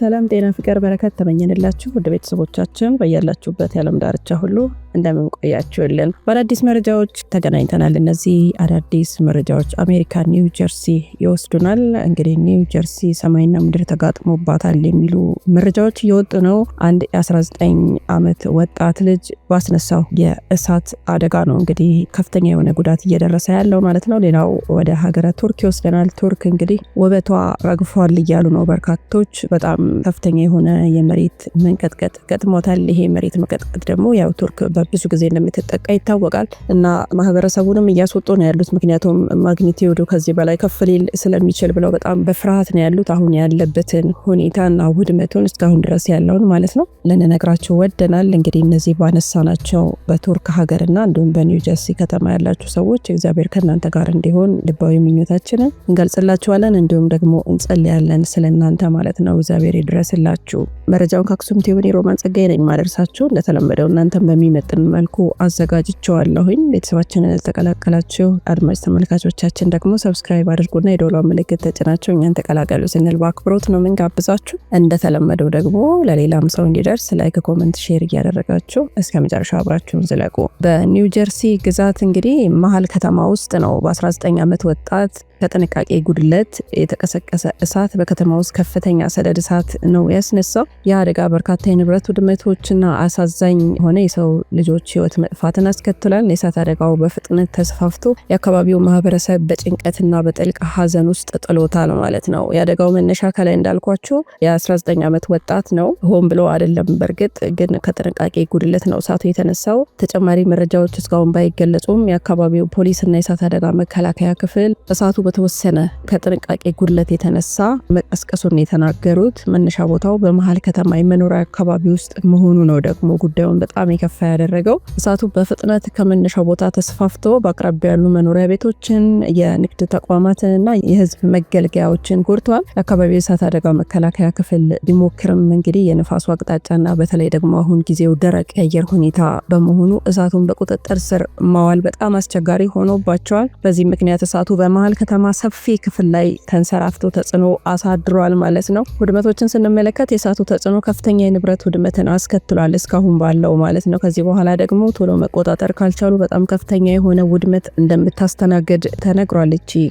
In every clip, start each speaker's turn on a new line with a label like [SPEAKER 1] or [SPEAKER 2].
[SPEAKER 1] ሰላም ጤና ፍቅር በረከት ተመኘንላችሁ ውድ ቤተሰቦቻችን በያላችሁበት የዓለም ዳርቻ ሁሉ እንደምንቆያችሁልን በአዳዲስ መረጃዎች ተገናኝተናል። እነዚህ አዳዲስ መረጃዎች አሜሪካ ኒው ጀርሲ ይወስዱናል። እንግዲህ ኒው ጀርሲ ሰማይና ምድር ተጋጥሞባታል የሚሉ መረጃዎች እየወጡ ነው። አንድ የ19 ዓመት ወጣት ልጅ ባስነሳው የእሳት አደጋ ነው እንግዲህ ከፍተኛ የሆነ ጉዳት እየደረሰ ያለው ማለት ነው። ሌላው ወደ ሀገረ ቱርክ ይወስደናል። ቱርክ እንግዲህ ውበቷ ረግፏል እያሉ ነው በርካቶች። በጣም ከፍተኛ የሆነ የመሬት መንቀጥቀጥ ገጥሞታል። ይሄ መሬት መንቀጥቀጥ ደግሞ ያው ቱርክ ብዙ ጊዜ እንደምትጠቃ ይታወቃል። እና ማህበረሰቡንም እያስወጡ ነው ያሉት። ምክንያቱም ማግኒቲዩዱ ከዚህ በላይ ከፍ ሊል ስለሚችል ብለው በጣም በፍርሃት ነው ያሉት። አሁን ያለበትን ሁኔታና ውድመቱን እስካሁን ድረስ ያለውን ማለት ነው ልንነግራቸው ወደናል። እንግዲህ እነዚህ ባነሳ ናቸው በቱርክ ሀገርና እንዲሁም በኒውጀርሲ ከተማ ያላችሁ ሰዎች እግዚአብሔር ከእናንተ ጋር እንዲሆን ልባዊ ምኞታችንን እንገልጽላችኋለን። እንዲሁም ደግሞ እንጸልያለን ስለ እናንተ ማለት ነው። እግዚአብሔር ይድረስላችሁ። መረጃውን ከአክሱም ቲዩብን የሮማን ጸጋዬ ነኝ ማደርሳችሁ እንደተለመደው እናንተን በሚመጥ በሚመጥን መልኩ አዘጋጅቸዋለሁኝ። ቤተሰባችንን ያልተቀላቀላችሁ አድማጭ ተመልካቾቻችን ደግሞ ሰብስክራይብ አድርጉና የዶላ ምልክት ተጭናቸው እኛን ተቀላቀሉ ስንል በአክብሮት ነው ምንጋብዛችሁ። እንደተለመደው ደግሞ ለሌላም ሰው እንዲደርስ ላይክ፣ ኮመንት፣ ሼር እያደረጋችሁ እስከ መጨረሻ አብራችሁን ዝለቁ። በኒው ጀርሲ ግዛት እንግዲህ መሀል ከተማ ውስጥ ነው በ19 ዓመት ወጣት ከጥንቃቄ ጉድለት የተቀሰቀሰ እሳት በከተማ ውስጥ ከፍተኛ ሰደድ እሳት ነው ያስነሳው። ይህ አደጋ በርካታ የንብረት ውድመቶችና አሳዛኝ የሆነ የሰው ልጆች ህይወት መጥፋትን አስከትሏል። የእሳት አደጋው በፍጥነት ተስፋፍቶ የአካባቢው ማህበረሰብ በጭንቀትና በጥልቅ ሀዘን ውስጥ ጥሎታል ማለት ነው። የአደጋው መነሻ ከላይ እንዳልኳቸው የ19 ዓመት ወጣት ነው። ሆን ብሎ አይደለም። በእርግጥ ግን ከጥንቃቄ ጉድለት ነው እሳቱ የተነሳው። ተጨማሪ መረጃዎች እስካሁን ባይገለጹም የአካባቢው ፖሊስና የእሳት አደጋ መከላከያ ክፍል እሳቱ በተወሰነ ከጥንቃቄ ጉድለት የተነሳ መቀስቀሱን የተናገሩት መነሻ ቦታው በመሀል ከተማ የመኖሪያ አካባቢ ውስጥ መሆኑ ነው ደግሞ ጉዳዩን በጣም የከፋ ያደረገው። እሳቱ በፍጥነት ከመነሻ ቦታ ተስፋፍቶ በአቅራቢያ ያሉ መኖሪያ ቤቶችን፣ የንግድ ተቋማትን እና የህዝብ መገልገያዎችን ጎድቷል። የአካባቢ የእሳት አደጋ መከላከያ ክፍል ቢሞክርም እንግዲህ የንፋሱ አቅጣጫና በተለይ ደግሞ አሁን ጊዜው ደረቅ የአየር ሁኔታ በመሆኑ እሳቱን በቁጥጥር ስር ማዋል በጣም አስቸጋሪ ሆኖባቸዋል። በዚህ ምክንያት እሳቱ በመሀል ከተማ ከተማ ሰፊ ክፍል ላይ ተንሰራፍቶ ተጽዕኖ አሳድሯል ማለት ነው። ውድመቶችን ስንመለከት የእሳቱ ተጽዕኖ ከፍተኛ የንብረት ውድመትን አስከትሏል እስካሁን ባለው ማለት ነው። ከዚህ በኋላ ደግሞ ቶሎ መቆጣጠር ካልቻሉ በጣም ከፍተኛ የሆነ ውድመት እንደምታስተናግድ ተነግሯል።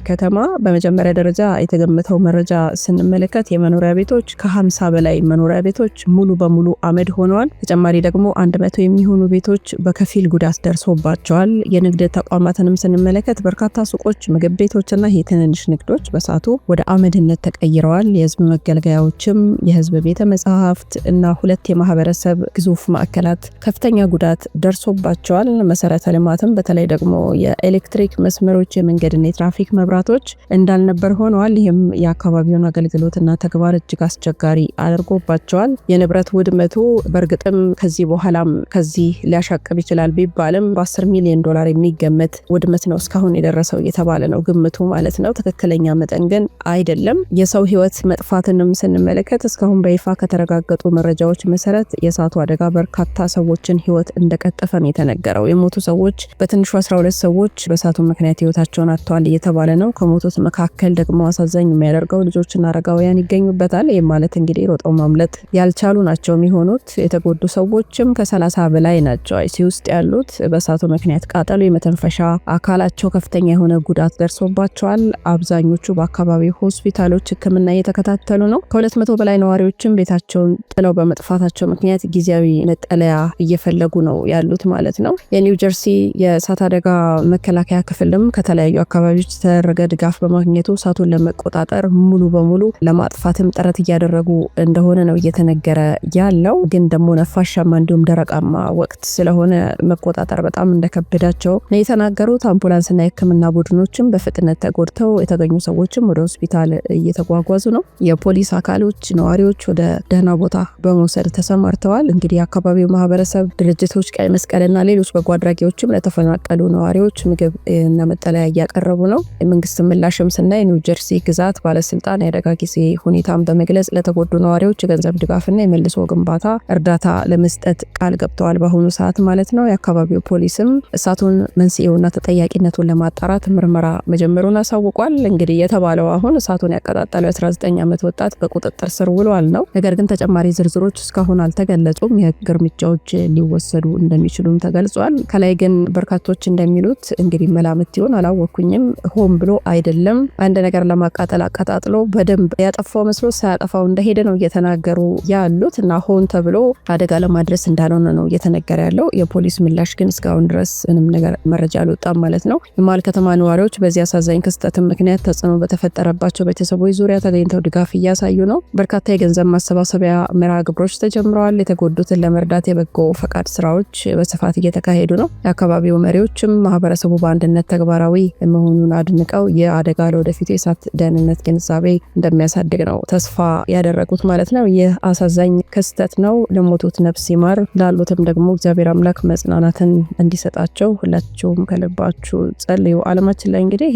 [SPEAKER 1] ከተማ በመጀመሪያ ደረጃ የተገመተው መረጃ ስንመለከት የመኖሪያ ቤቶች ከሀምሳ በላይ መኖሪያ ቤቶች ሙሉ በሙሉ አመድ ሆነዋል። ተጨማሪ ደግሞ አንድ መቶ የሚሆኑ ቤቶች በከፊል ጉዳት ደርሶባቸዋል። የንግድ ተቋማትንም ስንመለከት በርካታ ሱቆች፣ ምግብ ቤቶችና ትንንሽ ንግዶች በሳቱ ወደ አመድነት ተቀይረዋል። የህዝብ መገልገያዎችም የህዝብ ቤተ መጽሐፍት እና ሁለት የማህበረሰብ ግዙፍ ማዕከላት ከፍተኛ ጉዳት ደርሶባቸዋል። መሰረተ ልማትም በተለይ ደግሞ የኤሌክትሪክ መስመሮች፣ የመንገድና የትራፊክ መብራቶች እንዳልነበር ሆነዋል። ይህም የአካባቢውን አገልግሎትና ተግባር እጅግ አስቸጋሪ አድርጎባቸዋል። የንብረት ውድመቱ በእርግጥም ከዚህ በኋላም ከዚህ ሊያሻቅብ ይችላል ቢባልም በ10 ሚሊዮን ዶላር የሚገመት ውድመት ነው እስካሁን የደረሰው እየተባለ ነው ግምቱ ማለት ማለት ነው። ትክክለኛ መጠን ግን አይደለም። የሰው ህይወት መጥፋትንም ስንመለከት እስካሁን በይፋ ከተረጋገጡ መረጃዎች መሰረት የእሳቱ አደጋ በርካታ ሰዎችን ህይወት እንደቀጠፈም የተነገረው። የሞቱ ሰዎች በትንሹ 12 ሰዎች በእሳቱ ምክንያት ህይወታቸውን አጥተዋል እየተባለ ነው። ከሞቱት መካከል ደግሞ አሳዛኝ የሚያደርገው ልጆችና አረጋውያን ይገኙበታል። ይህ ማለት እንግዲህ ሮጠው ማምለጥ ያልቻሉ ናቸው የሚሆኑት። የተጎዱ ሰዎችም ከ30 በላይ ናቸው አይሲ ውስጥ ያሉት በእሳቱ ምክንያት ቃጠሎ የመተንፈሻ አካላቸው ከፍተኛ የሆነ ጉዳት ደርሶባቸዋል። ተደርጓል። አብዛኞቹ በአካባቢው ሆስፒታሎች ህክምና እየተከታተሉ ነው። ከ200 በላይ ነዋሪዎችም ቤታቸውን ጥለው በመጥፋታቸው ምክንያት ጊዜያዊ መጠለያ እየፈለጉ ነው ያሉት ማለት ነው። የኒው ጀርሲ የእሳት አደጋ መከላከያ ክፍልም ከተለያዩ አካባቢዎች የተደረገ ድጋፍ በማግኘቱ እሳቱን ለመቆጣጠር ሙሉ በሙሉ ለማጥፋትም ጥረት እያደረጉ እንደሆነ ነው እየተነገረ ያለው። ግን ደግሞ ነፋሻማ እንዲሁም ደረቃማ ወቅት ስለሆነ መቆጣጠር በጣም እንደከበዳቸው ነው የተናገሩት። አምቡላንስና የህክምና ቡድኖችም በፍጥነት ተጎ ተጎድተው የተገኙ ሰዎችም ወደ ሆስፒታል እየተጓጓዙ ነው። የፖሊስ አካሎች ነዋሪዎች ወደ ደህና ቦታ በመውሰድ ተሰማርተዋል። እንግዲህ የአካባቢው ማህበረሰብ ድርጅቶች፣ ቀይ መስቀልና ሌሎች በጎ አድራጊዎችም ለተፈናቀሉ ነዋሪዎች ምግብ እና መጠለያ እያቀረቡ ነው። የመንግስት ምላሽም ስናይ ኒውጀርሲ ግዛት ባለስልጣን የአደጋ ጊዜ ሁኔታም በመግለጽ ለተጎዱ ነዋሪዎች የገንዘብ ድጋፍና የመልሶ ግንባታ እርዳታ ለመስጠት ቃል ገብተዋል። በአሁኑ ሰዓት ማለት ነው። የአካባቢው ፖሊስም እሳቱን መንስኤውና ተጠያቂነቱን ለማጣራት ምርመራ መጀመሩን ተሳውቋል። እንግዲህ የተባለው አሁን እሳቱን ያቀጣጠለው የ19 ዓመት ወጣት በቁጥጥር ስር ውሏል ነው። ነገር ግን ተጨማሪ ዝርዝሮች እስካሁን አልተገለጹም። የህግ እርምጃዎች ሊወሰዱ እንደሚችሉም ተገልጿል። ከላይ ግን በርካቶች እንደሚሉት እንግዲህ መላምት ይሆን አላወኩኝም፣ ሆን ብሎ አይደለም። አንድ ነገር ለማቃጠል አቀጣጥሎ በደንብ ያጠፋው መስሎ ሳያጠፋው እንደሄደ ነው እየተናገሩ ያሉት እና ሆን ተብሎ አደጋ ለማድረስ እንዳልሆነ ነው እየተነገረ ያለው። የፖሊስ ምላሽ ግን እስካሁን ድረስ ምንም ነገር መረጃ አልወጣም ማለት ነው። የመሀል ከተማ ነዋሪዎች በዚህ አሳዛኝ ክስ በመስጠትም ምክንያት ተጽዕኖ በተፈጠረባቸው ቤተሰቦች ዙሪያ ተገኝተው ድጋፍ እያሳዩ ነው። በርካታ የገንዘብ ማሰባሰቢያ መርሃ ግብሮች ተጀምረዋል። የተጎዱትን ለመርዳት የበጎ ፈቃድ ስራዎች በስፋት እየተካሄዱ ነው። የአካባቢው መሪዎችም ማህበረሰቡ በአንድነት ተግባራዊ መሆኑን አድንቀው የአደጋ ለወደፊቱ የእሳት ደህንነት ግንዛቤ እንደሚያሳድግ ነው ተስፋ ያደረጉት ማለት ነው። ይህ አሳዛኝ ክስተት ነው። ለሞቱት ነፍስ ይማር፣ ላሉትም ደግሞ እግዚአብሔር አምላክ መጽናናትን እንዲሰጣቸው ሁላችሁም ከልባችሁ ጸልዩ። አለማችን ላይ እንግዲህ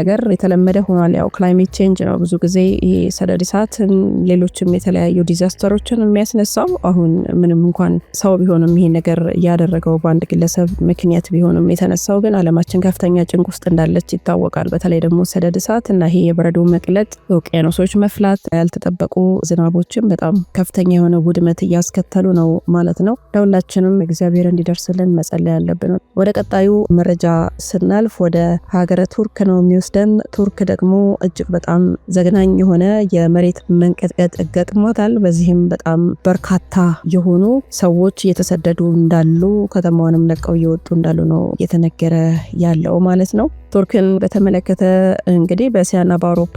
[SPEAKER 1] ነገር የተለመደ ሆኗል። ያው ክላይሜት ቼንጅ ነው ብዙ ጊዜ ይሄ ሰደድ እሳትን፣ ሌሎችም የተለያዩ ዲዛስተሮችን የሚያስነሳው። አሁን ምንም እንኳን ሰው ቢሆንም ይሄ ነገር እያደረገው በአንድ ግለሰብ ምክንያት ቢሆንም የተነሳው ግን አለማችን ከፍተኛ ጭንቅ ውስጥ እንዳለች ይታወቃል። በተለይ ደግሞ ሰደድ እሳት እና ይሄ የበረዶ መቅለጥ፣ ውቅያኖሶች መፍላት፣ ያልተጠበቁ ዝናቦችን በጣም ከፍተኛ የሆነ ውድመት እያስከተሉ ነው ማለት ነው። ለሁላችንም እግዚአብሔር እንዲደርስልን መጸለይ ያለብን። ወደ ቀጣዩ መረጃ ስናልፍ ወደ ሀገረ ቱርክ ነው የሚወስ ሲያስደም ቱርክ ደግሞ እጅግ በጣም ዘግናኝ የሆነ የመሬት መንቀጥቀጥ ገጥሟታል። በዚህም በጣም በርካታ የሆኑ ሰዎች እየተሰደዱ እንዳሉ ከተማዋንም ለቀው እየወጡ እንዳሉ ነው እየተነገረ ያለው ማለት ነው። ቱርክን በተመለከተ እንግዲህ በእስያና በአውሮፓ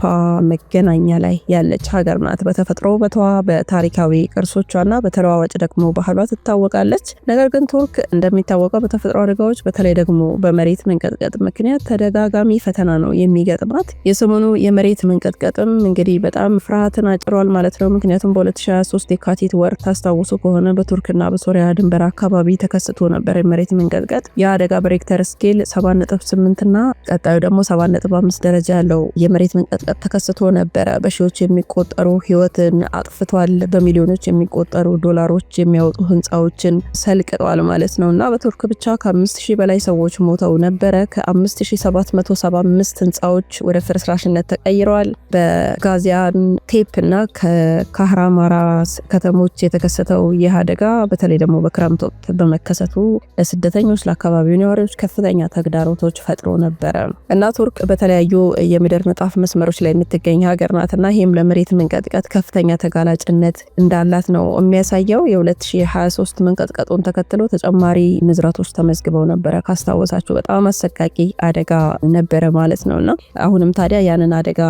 [SPEAKER 1] መገናኛ ላይ ያለች ሀገር ናት። በተፈጥሮ ውበቷ፣ በታሪካዊ ቅርሶቿና በተለዋዋጭ ደግሞ ባህሏ ትታወቃለች። ነገር ግን ቱርክ እንደሚታወቀው በተፈጥሮ አደጋዎች በተለይ ደግሞ በመሬት መንቀጥቀጥ ምክንያት ተደጋጋሚ ፈተና ነው የሚገጥማት። የሰሞኑ የመሬት መንቀጥቀጥም እንግዲህ በጣም ፍርሃትን አጭሯል ማለት ነው። ምክንያቱም በ2023 የካቲት ወር ታስታውሱ ከሆነ በቱርክና በሶሪያ ድንበር አካባቢ ተከስቶ ነበር የመሬት መንቀጥቀጥ። የአደጋ በሬክተር ስኬል 7.8 ና ቀጣዩ ደግሞ 7.5 ደረጃ ያለው የመሬት መንቀጥቀጥ ተከስቶ ነበረ። በሺዎች የሚቆጠሩ ህይወትን አጥፍቷል። በሚሊዮኖች የሚቆጠሩ ዶላሮች የሚያወጡ ህንፃዎችን ሰልቅጠዋል ማለት ነው እና በቱርክ ብቻ ከ5000 በላይ ሰዎች ሞተው ነበረ። ከ5775 ህንፃዎች ወደ ፍርስራሽነት ተቀይረዋል። በጋዚያን ቴፕ እና ከካህራማራ ከተሞች የተከሰተው ይህ አደጋ በተለይ ደግሞ በክረምት ወቅት በመከሰቱ ለስደተኞች፣ ለአካባቢው ነዋሪዎች ከፍተኛ ተግዳሮቶች ፈጥሮ ነበር። መጀመሪያ እና ቱርክ በተለያዩ የምድር ንጣፍ መስመሮች ላይ የምትገኝ ሀገር ናትና ይህም ለመሬት መንቀጥቀጥ ከፍተኛ ተጋላጭነት እንዳላት ነው የሚያሳየው። የ2023 መንቀጥቀጡን ተከትሎ ተጨማሪ ንዝረቶች ተመዝግበው ነበረ። ካስታወሳችሁ በጣም አሰቃቂ አደጋ ነበረ ማለት ነው እና አሁንም ታዲያ ያንን አደጋ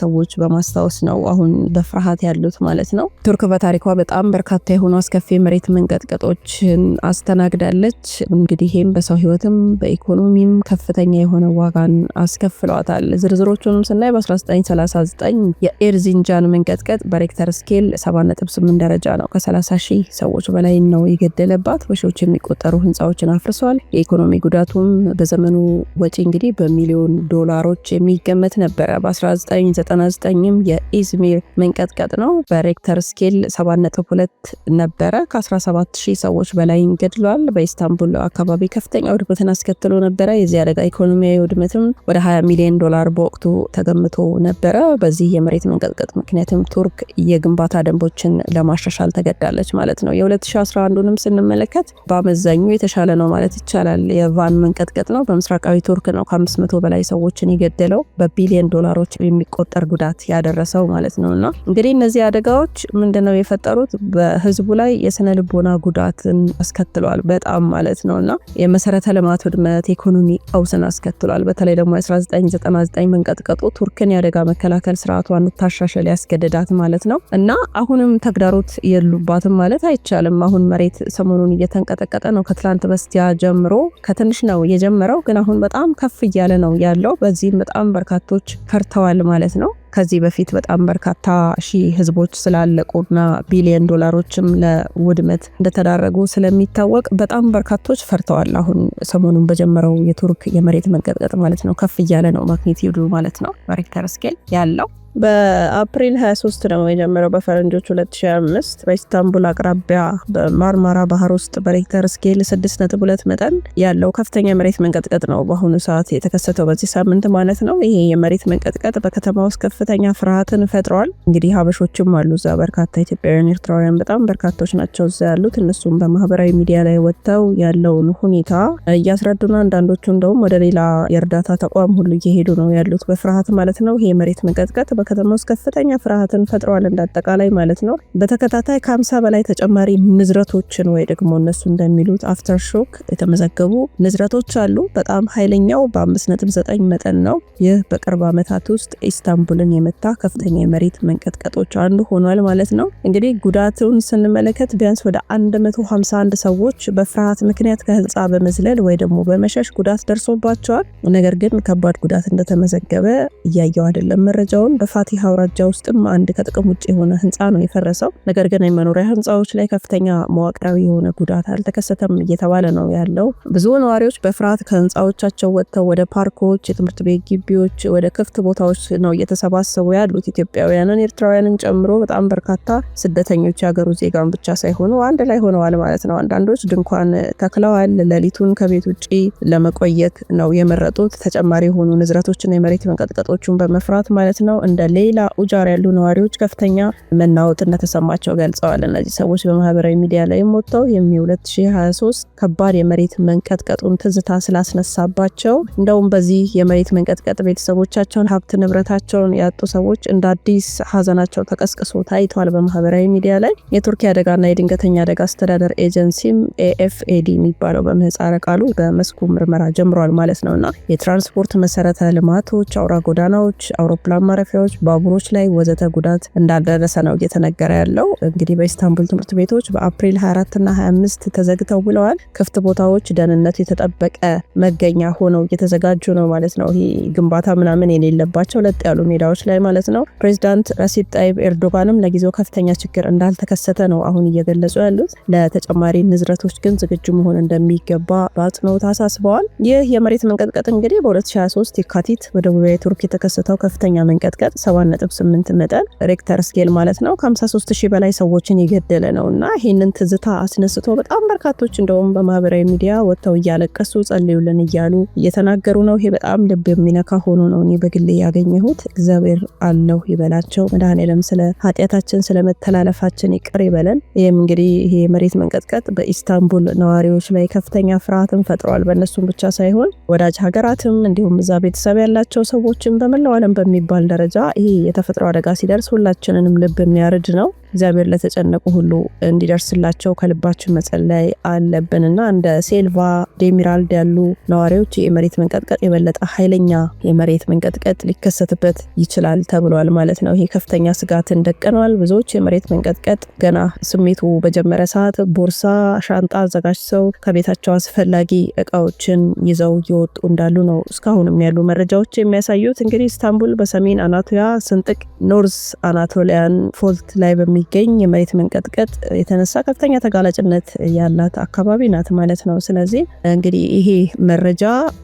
[SPEAKER 1] ሰዎች በማስታወስ ነው አሁን በፍርሃት ያሉት ማለት ነው። ቱርክ በታሪኳ በጣም በርካታ የሆኑ አስከፊ መሬት መንቀጥቀጦችን አስተናግዳለች። እንግዲህ ይህም በሰው ህይወትም በኢኮኖሚም ከፍተኛ የሆነ ዋ ዋጋን አስከፍለዋታል። ዝርዝሮቹንም ስናይ በ1939 የኤርዚንጃን መንቀጥቀጥ በሬክተር ስኬል 7.8 ደረጃ ነው ከ30 ሺህ ሰዎች በላይ ነው የገደለባት። በሺዎች የሚቆጠሩ ህንፃዎችን አፍርሰዋል። የኢኮኖሚ ጉዳቱም በዘመኑ ወጪ እንግዲህ በሚሊዮን ዶላሮች የሚገመት ነበረ። በ1999ም የኢዝሚር መንቀጥቀጥ ነው በሬክተር ስኬል 7.2 ነበረ። ከ17 ሺህ ሰዎች በላይ ገድሏል። በኢስታንቡል አካባቢ ከፍተኛ ውድመትን አስከትሎ ነበረ። የዚህ አደጋ ኢኮኖሚያዊ ውድ ግምትም ወደ 20 ሚሊዮን ዶላር በወቅቱ ተገምቶ ነበረ። በዚህ የመሬት መንቀጥቀጥ ምክንያትም ቱርክ የግንባታ ደንቦችን ለማሻሻል ተገዳለች ማለት ነው። የ2011ንም ስንመለከት በአመዛኙ የተሻለ ነው ማለት ይቻላል። የቫን መንቀጥቀጥ ነው። በምስራቃዊ ቱርክ ነው ከ500 በላይ ሰዎችን የገደለው በቢሊዮን ዶላሮች የሚቆጠር ጉዳት ያደረሰው ማለት ነው። እና እንግዲህ እነዚህ አደጋዎች ምንድነው የፈጠሩት? በህዝቡ ላይ የስነ ልቦና ጉዳትን አስከትሏል። በጣም ማለት ነው እና የመሰረተ ልማት ውድመት፣ ኢኮኖሚ ቀውስን አስከትሏል። በተለይ ደግሞ 1999 መንቀጥቀጡ ቱርክን የአደጋ መከላከል ስርዓቷን ታሻሽል ያስገደዳት ማለት ነው እና አሁንም ተግዳሮት የሉባትም ማለት አይቻልም። አሁን መሬት ሰሞኑን እየተንቀጠቀጠ ነው። ከትላንት በስቲያ ጀምሮ ከትንሽ ነው የጀመረው፣ ግን አሁን በጣም ከፍ እያለ ነው ያለው። በዚህም በጣም በርካቶች ፈርተዋል ማለት ነው። ከዚህ በፊት በጣም በርካታ ሺ ህዝቦች ስላለቁና ቢሊዮን ዶላሮችም ለውድመት እንደተዳረጉ ስለሚታወቅ በጣም በርካቶች ፈርተዋል። አሁን ሰሞኑን በጀመረው የቱርክ የመሬት መንቀጥቀጥ ማለት ነው ከፍ እያለ ነው ማግኒቲዩዱ ማለት ነው በሬክተር ስኬል ያለው በአፕሪል 23 ነው የጀመረው በፈረንጆች 2025 በኢስታንቡል አቅራቢያ በማርማራ ባህር ውስጥ በሬክተር ስኬል 6.2 መጠን ያለው ከፍተኛ የመሬት መንቀጥቀጥ ነው በአሁኑ ሰዓት የተከሰተው በዚህ ሳምንት ማለት ነው። ይሄ የመሬት መንቀጥቀጥ በከተማ ውስጥ ከፍተኛ ፍርሃትን ፈጥሯል። እንግዲህ ሀበሾችም አሉ እዛ በርካታ ኢትዮጵያውያን፣ ኤርትራውያን በጣም በርካቶች ናቸው እዛ ያሉት። እነሱም በማህበራዊ ሚዲያ ላይ ወጥተው ያለውን ሁኔታ እያስረዱና አንዳንዶቹ እንደውም ወደ ሌላ የእርዳታ ተቋም ሁሉ እየሄዱ ነው ያሉት በፍርሃት ማለት ነው። ይሄ የመሬት መንቀጥቀጥ በከተማ ውስጥ ከፍተኛ ፍርሃትን ፈጥረዋል፣ እንዳጠቃላይ ማለት ነው። በተከታታይ ከ50 በላይ ተጨማሪ ንዝረቶችን ወይ ደግሞ እነሱ እንደሚሉት አፍተር ሾክ የተመዘገቡ ንዝረቶች አሉ። በጣም ኃይለኛው በ5.9 መጠን ነው። ይህ በቅርብ ዓመታት ውስጥ ኢስታንቡልን የመታ ከፍተኛ የመሬት መንቀጥቀጦች አንዱ ሆኗል ማለት ነው። እንግዲህ ጉዳቱን ስንመለከት ቢያንስ ወደ 151 ሰዎች በፍርሃት ምክንያት ከህንፃ በመዝለል ወይ ደግሞ በመሸሽ ጉዳት ደርሶባቸዋል። ነገር ግን ከባድ ጉዳት እንደተመዘገበ እያየው አይደለም መረጃውን ፋቲህ አውራጃ ውስጥም አንድ ከጥቅም ውጭ የሆነ ህንፃ ነው የፈረሰው። ነገር ግን የመኖሪያ ህንፃዎች ላይ ከፍተኛ መዋቅራዊ የሆነ ጉዳት አልተከሰተም እየተባለ ነው ያለው። ብዙ ነዋሪዎች በፍርሃት ከህንፃዎቻቸው ወጥተው ወደ ፓርኮች፣ የትምህርት ቤት ግቢዎች፣ ወደ ክፍት ቦታዎች ነው እየተሰባሰቡ ያሉት። ኢትዮጵያውያንን ኤርትራውያንን ጨምሮ በጣም በርካታ ስደተኞች የሀገሩ ዜጋን ብቻ ሳይሆኑ አንድ ላይ ሆነዋል ማለት ነው። አንዳንዶች ድንኳን ተክለዋል። ሌሊቱን ከቤት ውጭ ለመቆየት ነው የመረጡት። ተጨማሪ የሆኑ ንዝረቶችና የመሬት መንቀጥቀጦቹን በመፍራት ማለት ነው እንደ ሌላ ኡጃር ያሉ ነዋሪዎች ከፍተኛ መናወጥ እንደተሰማቸው ገልጸዋል። እነዚህ ሰዎች በማህበራዊ ሚዲያ ላይ ወጥተው የሚ 2023 ከባድ የመሬት መንቀጥቀጡን ትዝታ ስላስነሳባቸው እንደውም በዚህ የመሬት መንቀጥቀጥ ቤተሰቦቻቸውን ሀብት ንብረታቸውን ያጡ ሰዎች እንደ አዲስ ሀዘናቸው ተቀስቅሶ ታይተዋል በማህበራዊ ሚዲያ ላይ። የቱርኪ አደጋና የድንገተኛ አደጋ አስተዳደር ኤጀንሲም ኤኤፍኤዲ የሚባለው በምህፃረ ቃሉ በመስኩ ምርመራ ጀምሯል ማለት ነው እና የትራንስፖርት መሰረተ ልማቶች፣ አውራ ጎዳናዎች፣ አውሮፕላን ማረፊያዎች ቤቶች፣ ባቡሮች ላይ ወዘተ ጉዳት እንዳልደረሰ ነው እየተነገረ ያለው። እንግዲህ በኢስታንቡል ትምህርት ቤቶች በአፕሪል 24 እና 25 ተዘግተው ብለዋል። ክፍት ቦታዎች ደህንነት የተጠበቀ መገኛ ሆነው እየተዘጋጁ ነው ማለት ነው። ይህ ግንባታ ምናምን የሌለባቸው ለጥ ያሉ ሜዳዎች ላይ ማለት ነው። ፕሬዚዳንት ረሲብ ጣይብ ኤርዶጋንም ለጊዜው ከፍተኛ ችግር እንዳልተከሰተ ነው አሁን እየገለጹ ያሉት። ለተጨማሪ ንዝረቶች ግን ዝግጁ መሆን እንደሚገባ በአጽንኦት አሳስበዋል። ይህ የመሬት መንቀጥቀጥ እንግዲህ በ2023 የካቲት በደቡባዊ ቱርክ የተከሰተው ከፍተኛ መንቀጥቀጥ 7.8 መጠን ሬክተር ስኬል ማለት ነው ከ53 ሺህ በላይ ሰዎችን የገደለ ነው እና ይህንን ትዝታ አስነስቶ በጣም በርካቶች እንደውም በማህበራዊ ሚዲያ ወጥተው እያለቀሱ ጸልዩልን እያሉ እየተናገሩ ነው። ይሄ በጣም ልብ የሚነካ ሆኖ ነው እኔ በግሌ ያገኘሁት። እግዚአብሔር አለው ይበላቸው። መድኃኔዓለም ስለ ኃጢአታችን ስለ መተላለፋችን ይቅር ይበለን። ይህም እንግዲህ ይሄ መሬት መንቀጥቀጥ በኢስታንቡል ነዋሪዎች ላይ ከፍተኛ ፍርሃትን ፈጥሯል። በእነሱም ብቻ ሳይሆን ወዳጅ ሀገራትም እንዲሁም እዛ ቤተሰብ ያላቸው ሰዎችም በመላው ዓለም በሚባል ደረጃ ይሄ የተፈጥሮ አደጋ ሲደርስ ሁላችንንም ልብ የሚያርድ ነው። እግዚአብሔር ለተጨነቁ ሁሉ እንዲደርስላቸው ከልባችን መጸለይ አለብንና እንደ ሴልቫ ዴሚራልድ ያሉ ነዋሪዎች የመሬት መንቀጥቀጥ የበለጠ ኃይለኛ የመሬት መንቀጥቀጥ ሊከሰትበት ይችላል ተብሏል ማለት ነው። ይህ ከፍተኛ ስጋትን ደቅኗል። ብዙዎች የመሬት መንቀጥቀጥ ገና ስሜቱ በጀመረ ሰዓት ቦርሳ፣ ሻንጣ አዘጋጅተው ከቤታቸው አስፈላጊ እቃዎችን ይዘው እየወጡ እንዳሉ ነው እስካሁንም ያሉ መረጃዎች የሚያሳዩት። እንግዲህ ኢስታንቡል በሰሜን አናቶያ ስንጥቅ ኖርዝ አናቶሊያን ፎልት ላይ በሚ ከሚገኝ የመሬት መንቀጥቀጥ የተነሳ ከፍተኛ ተጋላጭነት ያላት አካባቢ ናት ማለት ነው። ስለዚህ እንግዲህ ይሄ መረጃ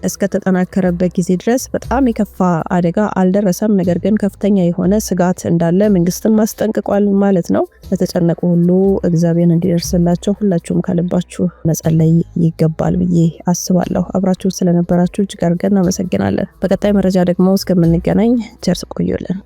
[SPEAKER 1] እስከተጠናከረበት ጊዜ ድረስ በጣም የከፋ አደጋ አልደረሰም። ነገር ግን ከፍተኛ የሆነ ስጋት እንዳለ መንግስትን ማስጠንቅቋል ማለት ነው። ለተጨነቁ ሁሉ እግዚአብሔር እንዲደርስላቸው ሁላችሁም ከልባችሁ መጸለይ ይገባል ብዬ አስባለሁ። አብራችሁ ስለነበራችሁ እጅግ አድርገን እናመሰግናለን። በቀጣይ መረጃ ደግሞ እስከምንገናኝ ቸርስ ቆዩልን።